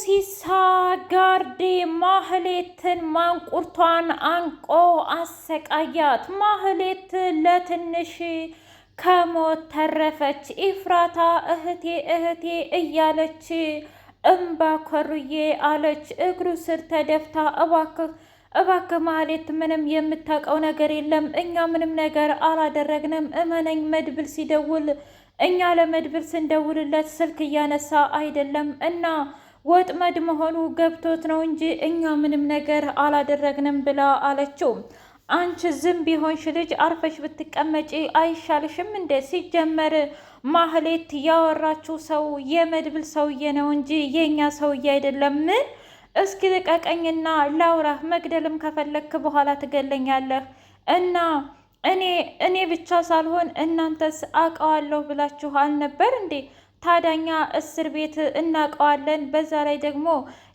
ሲሳ ጋርዴ ማህሌትን ማንቁርቷን አንቆ አሰቃያት። ማህሌት ለትንሽ ከሞት ተረፈች። ኢፍራታ እህቴ እህቴ እያለች እምባ ኮርዬ አለች። እግሩ ስር ተደፍታ እባክህ እባክህ ማህሌት ምንም የምታውቀው ነገር የለም። እኛ ምንም ነገር አላደረግንም። እመነኝ መድብል ሲደውል እኛ ለመድብል ስንደውልለት ስልክ እያነሳ አይደለም እና ወጥመድ መሆኑ ገብቶት ነው እንጂ እኛ ምንም ነገር አላደረግንም ብላ አለችው። አንቺ ዝም ቢሆንሽ ልጅ አርፈሽ ብትቀመጪ አይሻልሽም እንደ ሲጀመር ማህሌት ያወራችው ሰው የመድብል ሰውዬ ነው እንጂ የእኛ ሰውዬ አይደለም። ምን እስኪ ልቀቀኝና ላውራህ። መግደልም ከፈለግክ በኋላ ትገለኛለህ እና እኔ እኔ ብቻ ሳልሆን እናንተስ አውቀዋለሁ ብላችሁ አልነበር እንዴ? ታዳኛ እስር ቤት እናውቀዋለን፣ በዛ ላይ ደግሞ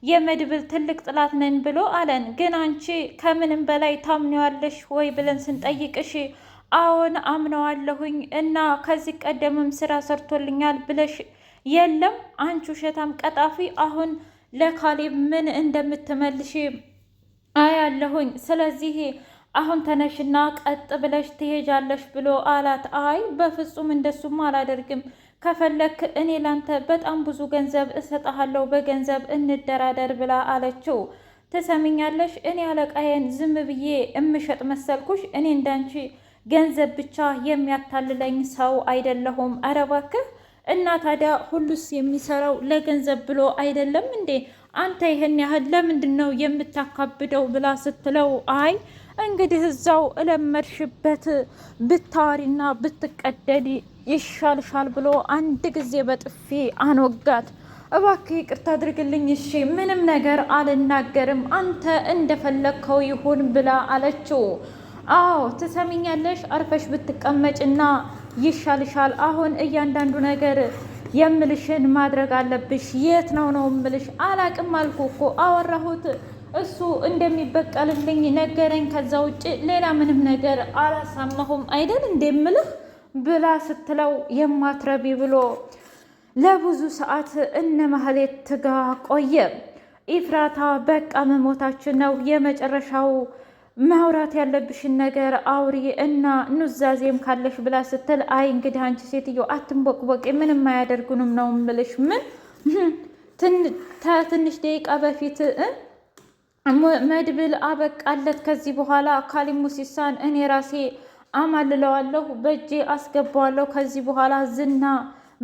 የመድብል ትልቅ ጥላት ነን ብሎ አለን። ግን አንቺ ከምንም በላይ ታምነዋለሽ ወይ ብለን ስንጠይቅሽ አዎን አምነዋለሁኝ እና ከዚህ ቀደምም ስራ ሰርቶልኛል ብለሽ የለም አንቺ ውሸታም ቀጣፊ፣ አሁን ለካሌብ ምን እንደምትመልሽ አያለሁኝ። ስለዚህ አሁን ተነሽና ቀጥ ብለሽ ትሄጃለሽ ብሎ አላት። አይ በፍጹም እንደሱም አላደርግም ከፈለክ እኔ ላንተ በጣም ብዙ ገንዘብ እሰጠሃለሁ፣ በገንዘብ እንደራደር ብላ አለችው። ትሰምኛለሽ? እኔ አለቃዬን ዝም ብዬ እምሸጥ መሰልኩሽ? እኔ እንዳንቺ ገንዘብ ብቻ የሚያታልለኝ ሰው አይደለሁም። ኧረ እባክህ እና ታዲያ ሁሉስ የሚሰራው ለገንዘብ ብሎ አይደለም እንዴ? አንተ ይህን ያህል ለምንድን ነው የምታካብደው? ብላ ስትለው አይ እንግዲህ እዛው እለመድሽበት ብታሪና ብትቀደድ ይሻልሻል ብሎ አንድ ጊዜ በጥፊ አኖጋት። እባክህ ይቅርታ አድርግልኝ፣ እሺ ምንም ነገር አልናገርም፣ አንተ እንደፈለግከው ይሁን ብላ አለችው። አዎ ትሰሚኛለሽ፣ አርፈሽ ብትቀመጭና ይሻልሻል። አሁን እያንዳንዱ ነገር የምልሽን ማድረግ አለብሽ። የት ነው ነው ምልሽ? አላቅም አልኩ እኮ አወራሁት እሱ እንደሚበቀልልኝ ነገረኝ። ከዛ ውጭ ሌላ ምንም ነገር አላሳማሁም አይደል እንደምልህ ብላ ስትለው የማትረቢ ብሎ ለብዙ ሰዓት እነ ማህሌት ጋ ቆየ። ኢፍራታ በቃ መሞታችን ነው የመጨረሻው ማውራት ያለብሽን ነገር አውሪ እና ኑዛዜም ካለሽ ብላ ስትል፣ አይ እንግዲህ አንቺ ሴትዮ አትንቦቅቦቅ፣ ምንም አያደርጉንም ነው ምልሽ። ምን ትንሽ ደቂቃ በፊት መድብል አበቃለት። ከዚህ በኋላ ካሊብ ሙሲሳን እኔ ራሴ አማልለዋለሁ፣ በእጄ አስገባዋለሁ። ከዚህ በኋላ ዝና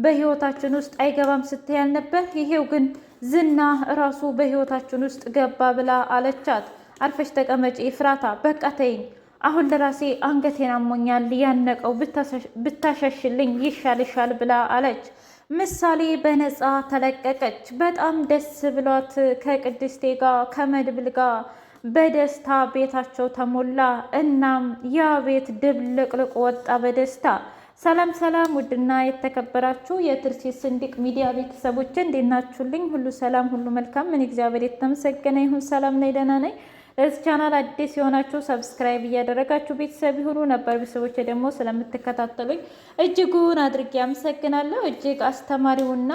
በህይወታችን ውስጥ አይገባም ስትያል ነበር። ይሄው ግን ዝና ራሱ በህይወታችን ውስጥ ገባ ብላ አለቻት። አርፈሽ ተቀመጪ ፍራታ፣ በቃ ተይኝ። አሁን ለራሴ አንገቴን አሞኛል፣ ያነቀው ብታሸሽልኝ ይሻልሻል ብላ አለች። ምሳሌ በነፃ ተለቀቀች። በጣም ደስ ብሏት ከቅድስቴ ጋር ከመድብል ጋር በደስታ ቤታቸው ተሞላ። እናም ያ ቤት ድብልቅልቅ ወጣ በደስታ። ሰላም ሰላም! ውድና የተከበራችሁ የትርሲ ስንድቅ ሚዲያ ቤተሰቦች እንዴት ናችሁልኝ? ሁሉ ሰላም፣ ሁሉ መልካም። ምን እግዚአብሔር የተመሰገነ ይሁን። ሰላም ነኝ፣ ደህና ነኝ። ለዚህ ቻናል አዲስ የሆናችሁ ሰብስክራይብ እያደረጋችሁ ቤተሰብ ይሁኑ። ነበር ቤተሰቦች ደግሞ ስለምትከታተሉኝ እጅጉን አድርጌ አመሰግናለሁ። እጅግ አስተማሪውና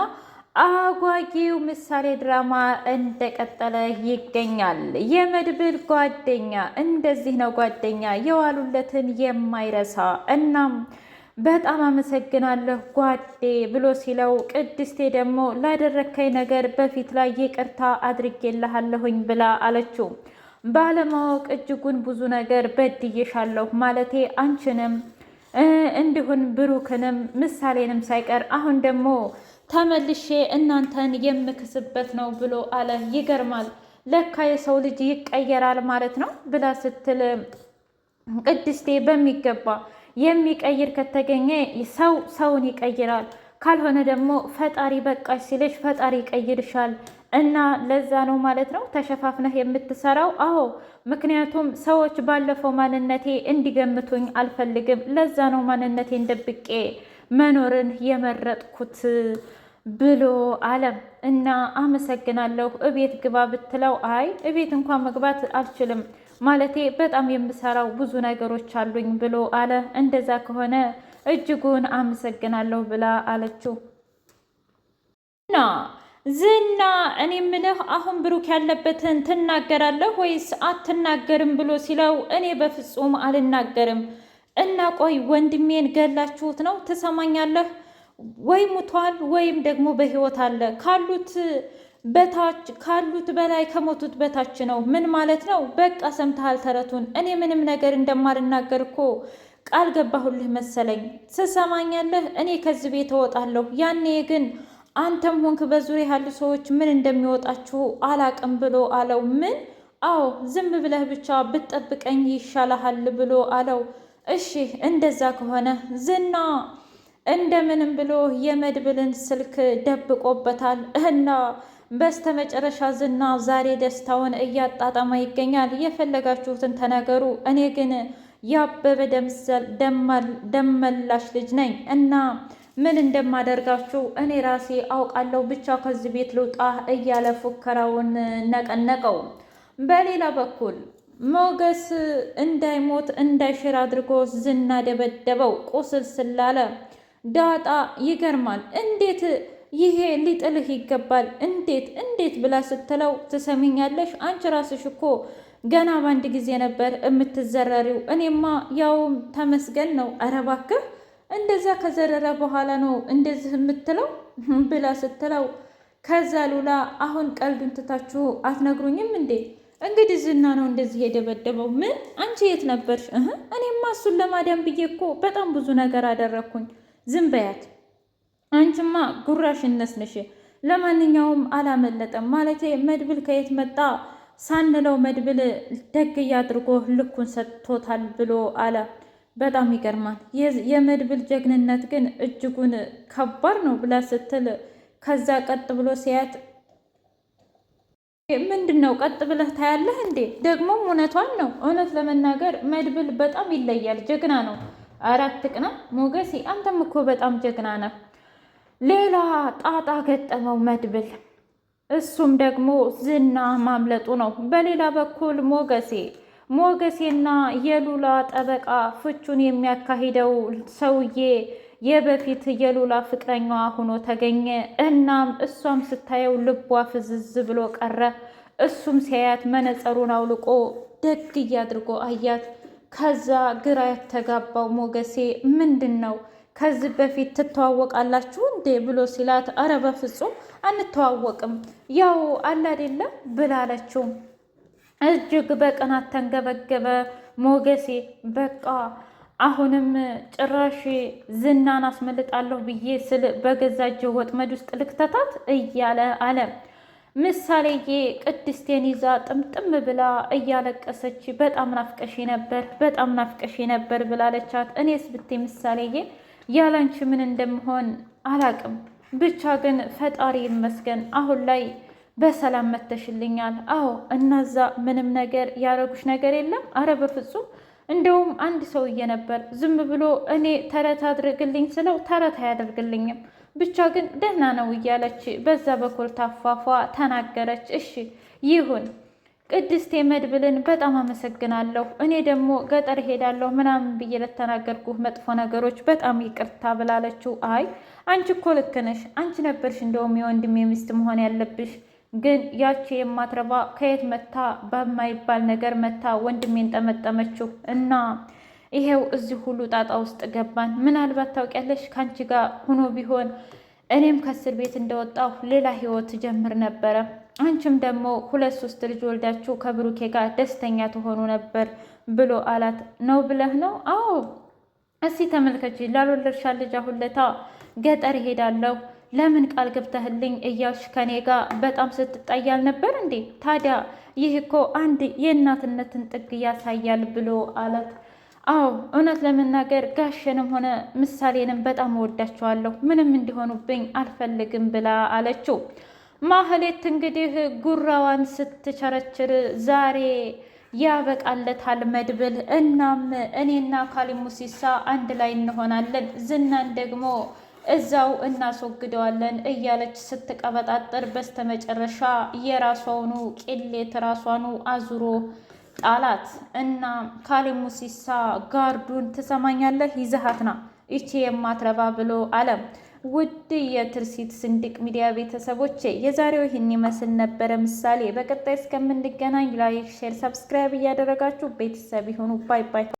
አጓጊው ምሳሌ ድራማ እንደቀጠለ ይገኛል። የመድብል ጓደኛ እንደዚህ ነው ጓደኛ የዋሉለትን የማይረሳ እናም በጣም አመሰግናለሁ ጓዴ ብሎ ሲለው፣ ቅድስቴ ደግሞ ላደረከኝ ነገር በፊት ላይ ይቅርታ አድርጌልሃለሁኝ ብላ አለችው። ባለማወቅ እጅጉን ብዙ ነገር በድዬሻለሁ ማለቴ አንቺንም እንዲሁን ብሩክንም ምሳሌንም ሳይቀር አሁን ደግሞ ተመልሼ እናንተን የምክስበት ነው ብሎ አለ። ይገርማል ለካ የሰው ልጅ ይቀየራል ማለት ነው ብላ ስትል ቅድስቴ በሚገባ የሚቀይር ከተገኘ ሰው ሰውን ይቀይራል፣ ካልሆነ ደግሞ ፈጣሪ በቃሽ ሲልሽ ፈጣሪ ይቀይርሻል። እና ለዛ ነው ማለት ነው ተሸፋፍነህ የምትሰራው? አዎ፣ ምክንያቱም ሰዎች ባለፈው ማንነቴ እንዲገምቱኝ አልፈልግም። ለዛ ነው ማንነቴን ደብቄ መኖርን የመረጥኩት ብሎ አለም እና አመሰግናለሁ፣ እቤት ግባ ብትለው አይ እቤት እንኳን መግባት አልችልም ማለቴ በጣም የምሰራው ብዙ ነገሮች አሉኝ ብሎ አለ። እንደዛ ከሆነ እጅጉን አመሰግናለሁ ብላ አለችው ና ዝና እኔ ምልህ አሁን ብሩክ ያለበትን ትናገራለህ ወይስ አትናገርም ብሎ ሲለው እኔ በፍጹም አልናገርም እና ቆይ ወንድሜን ገላችሁት ነው ትሰማኛለህ ወይ ሙቷል ወይም ደግሞ በህይወት አለ ካሉት በታች ካሉት በላይ ከሞቱት በታች ነው ምን ማለት ነው በቃ ሰምተሃል ተረቱን እኔ ምንም ነገር እንደማልናገር እኮ ቃል ገባሁልህ መሰለኝ ትሰማኛለህ እኔ ከዚህ ቤት እወጣለሁ ያኔ ግን አንተም ሆንክ በዙሪያ ያሉ ሰዎች ምን እንደሚወጣችሁ አላቅም ብሎ አለው። ምን? አዎ ዝም ብለህ ብቻ ብትጠብቀኝ ይሻልሃል ብሎ አለው። እሺ እንደዛ ከሆነ ዝና እንደምንም ብሎ የመድብልን ስልክ ደብቆበታል እና በስተመጨረሻ ዝና ዛሬ ደስታውን እያጣጣማ ይገኛል። የፈለጋችሁትን ተናገሩ፣ እኔ ግን ያበበ ደመላሽ ልጅ ነኝ እና ምን እንደማደርጋችሁ እኔ ራሴ አውቃለሁ፣ ብቻ ከዚህ ቤት ልውጣ እያለ ፉከራውን ነቀነቀው። በሌላ በኩል ሞገስ እንዳይሞት እንዳይሽር አድርጎ ዝና ደበደበው። ቁስል ስላለ ዳጣ ይገርማል። እንዴት ይሄ ሊጥልህ ይገባል እንዴት እንዴት ብላ ስትለው፣ ትሰሚኛለሽ አንቺ ራስሽ እኮ ገና በአንድ ጊዜ ነበር የምትዘረሪው። እኔማ ያውም ተመስገን ነው። ኧረ እባክህ እንደዛ ከዘረረ በኋላ ነው እንደዚህ የምትለው ብላ ስትለው፣ ከዛ ሉላ አሁን ቀልዱን ትታችሁ አትነግሩኝም እንዴ? እንግዲህ ዝና ነው እንደዚህ የደበደበው። ምን አንቺ የት ነበርሽ? እኔማ እሱን ለማዳን ብዬ እኮ በጣም ብዙ ነገር አደረግኩኝ። ዝም በያት አንቺማ ጉራሽ እነስንሽ። ለማንኛውም አላመለጠም ማለቴ መድብል ከየት መጣ ሳንለው መድብል ደግ አድርጎ ልኩን ሰጥቶታል ብሎ አለ በጣም ይገርማል። የመድብል ጀግንነት ግን እጅጉን ከባድ ነው ብላ ስትል ከዛ ቀጥ ብሎ ሲያት ምንድን ነው ቀጥ ብለህ ታያለህ እንዴ? ደግሞም እውነቷን ነው። እውነት ለመናገር መድብል በጣም ይለያል፣ ጀግና ነው። አራት ቅና ሞገሴ፣ አንተም እኮ በጣም ጀግና ነህ። ሌላ ጣጣ ገጠመው መድብል፣ እሱም ደግሞ ዝና ማምለጡ ነው። በሌላ በኩል ሞገሴ ሞገሴና የሉላ ጠበቃ ፍቹን የሚያካሂደው ሰውዬ የበፊት የሉላ ፍቅረኛዋ ሆኖ ተገኘ። እናም እሷም ስታየው ልቧ ፍዝዝ ብሎ ቀረ። እሱም ሲያያት መነጸሩን አውልቆ ደግ እያድርጎ አያት። ከዛ ግራ የተጋባው ሞገሴ ምንድን ነው ከዚህ በፊት ትተዋወቃላችሁ እንዴ ብሎ ሲላት፣ አረ በፍጹም አንተዋወቅም ያው አላደለም ብላለችው። እጅግ በቅናት ተንገበገበ ሞገሴ። በቃ አሁንም ጭራሽ ዝናን አስመልጣለሁ ብዬ ስል በገዛ እጅ ወጥመድ ውስጥ ልክተታት እያለ አለ። ምሳሌዬ ቅድስቴን ይዛ ጥምጥም ብላ እያለቀሰች በጣም ናፍቀሽ ነበር፣ በጣም ናፍቀሽ ነበር ብላለቻት። እኔስ ብቴ ምሳሌዬ ያላንቺ ምን እንደምሆን አላቅም። ብቻ ግን ፈጣሪ ይመስገን አሁን ላይ በሰላም መተሽልኛል። አዎ እናዛ ምንም ነገር ያረጉሽ ነገር የለም? አረ በፍጹም እንደውም አንድ ሰውዬ ነበር ዝም ብሎ እኔ ተረት አድርግልኝ ስለው ተረት አያደርግልኝም ብቻ ግን ደህና ነው እያለች በዛ በኩል ታፏፏ ተናገረች። እሺ ይሁን ቅድስቴ መድብልን በጣም አመሰግናለሁ። እኔ ደግሞ ገጠር ሄዳለሁ ምናምን ብዬ ለተናገርኩህ መጥፎ ነገሮች በጣም ይቅርታ ብላለችው። አይ አንቺ እኮ ልክ ነሽ። አንቺ ነበርሽ እንደውም የወንድሜ ሚስት መሆን ያለብሽ ግን ያቺ የማትረባ ከየት መታ በማይባል ነገር መታ ወንድሜን ጠመጠመችው እና ይሄው እዚህ ሁሉ ጣጣ ውስጥ ገባን። ምናልባት ታውቂያለሽ ከአንቺ ጋር ሁኖ ቢሆን እኔም ከእስር ቤት እንደወጣሁ ሌላ ህይወት ጀምር ነበረ። አንቺም ደግሞ ሁለት ሶስት ልጅ ወልዳችሁ ከብሩኬ ጋር ደስተኛ ትሆኑ ነበር ብሎ አላት። ነው ብለህ ነው? አዎ። እስኪ ተመልከች፣ ላልወለድሻ ልጅ አሁን ለታ ገጠር እሄዳለሁ ለምን ቃል ገብተህልኝ እያልሽ ከኔ ጋር በጣም ስትጣይ አልነበር እንዴ? ታዲያ ይህ እኮ አንድ የእናትነትን ጥግ ያሳያል ብሎ አላት። አዎ እውነት ለመናገር ጋሸንም ሆነ ምሳሌንም በጣም እወዳቸዋለሁ፣ ምንም እንዲሆኑብኝ አልፈልግም ብላ አለችው። ማህሌት እንግዲህ ጉራዋን ስትቸረችር ዛሬ ያበቃለታል መድብል። እናም እኔና ካሊሙሲሳ አንድ ላይ እንሆናለን ዝናን ደግሞ እዛው እናስወግደዋለን እያለች ስትቀበጣጠር በስተመጨረሻ የራሷውኑ ቅሌት ራሷኑ አዙሮ ጣላት እና ካሌ ጋርዱን ትሰማኛለህ፣ ና ይቺ የማትረባ ብሎ አለም። ውድ የትርሲት ስንድቅ ሚዲያ ቤተሰቦች የዛሬው ይህን ይመስል ነበረ። ምሳሌ በቀጣይ እስከምንገናኝ ላይክ፣ ሼር፣ ሰብስክራይብ እያደረጋችሁ ቤተሰብ ይሁኑ። ባይ ባይ።